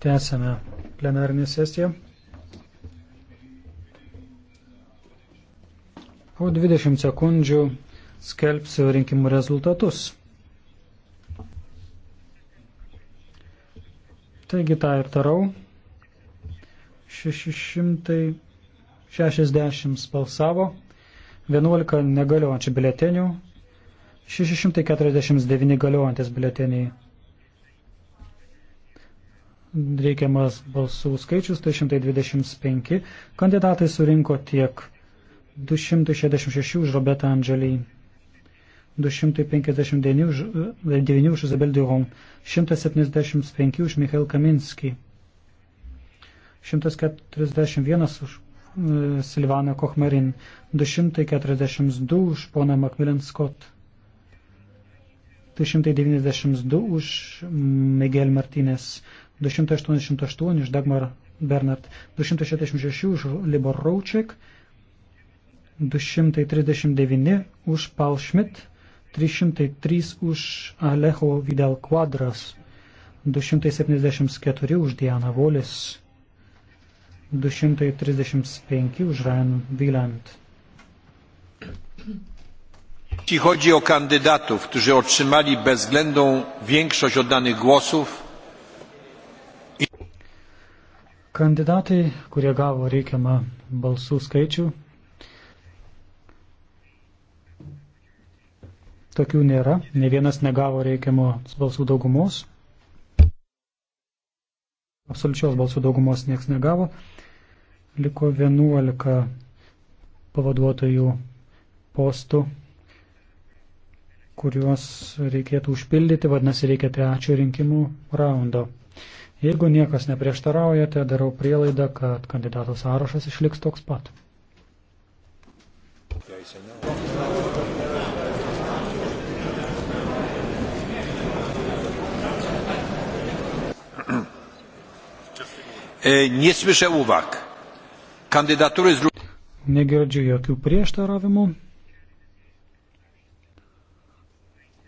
Tęsame plenarinę sesiją. Po 20 sekundžių skelbsiu rinkimų rezultatus. Taigi tą ir darau. 660 balsavo, 11 negaliojančių biletenių, 649 galiojantis bileteniai reikiamas balsų skaičius, tai 125 kandidatai surinko tiek 266 už Robertą Andželį, 259 už, 9 už Izabel Duron, 175 už Michael Kaminski, 141 už e, Silvaną Kochmarin, 242 už poną Macmillan Scott, 292 už Miguel Martinez, 288 iš Dagmar Bernard, 266 už Libor Rauček, 239 už Paul Schmidt, 303 už Alejo Vidal Quadras, 274 už Diana Volis, 235 už Ryan Wieland. Jeśli chodzi o kandydatów, którzy otrzymali bezwzględną większość oddanych głosów, Kandidatai, kurie gavo reikiamą balsų skaičių, tokių nėra, ne vienas negavo reikiamos balsų daugumos, absoliučios balsų daugumos nieks negavo, liko 11 pavaduotojų postų, kuriuos reikėtų užpildyti, vadinasi, reikia trečio rinkimų raundo. Jeigu niekas neprieštaraujate, darau prielaidą, kad kandidatų sąrašas išliks toks pat. E, nie słyszę uwag. Kandydatury z... Negirdžiu jokių prieštaravimų.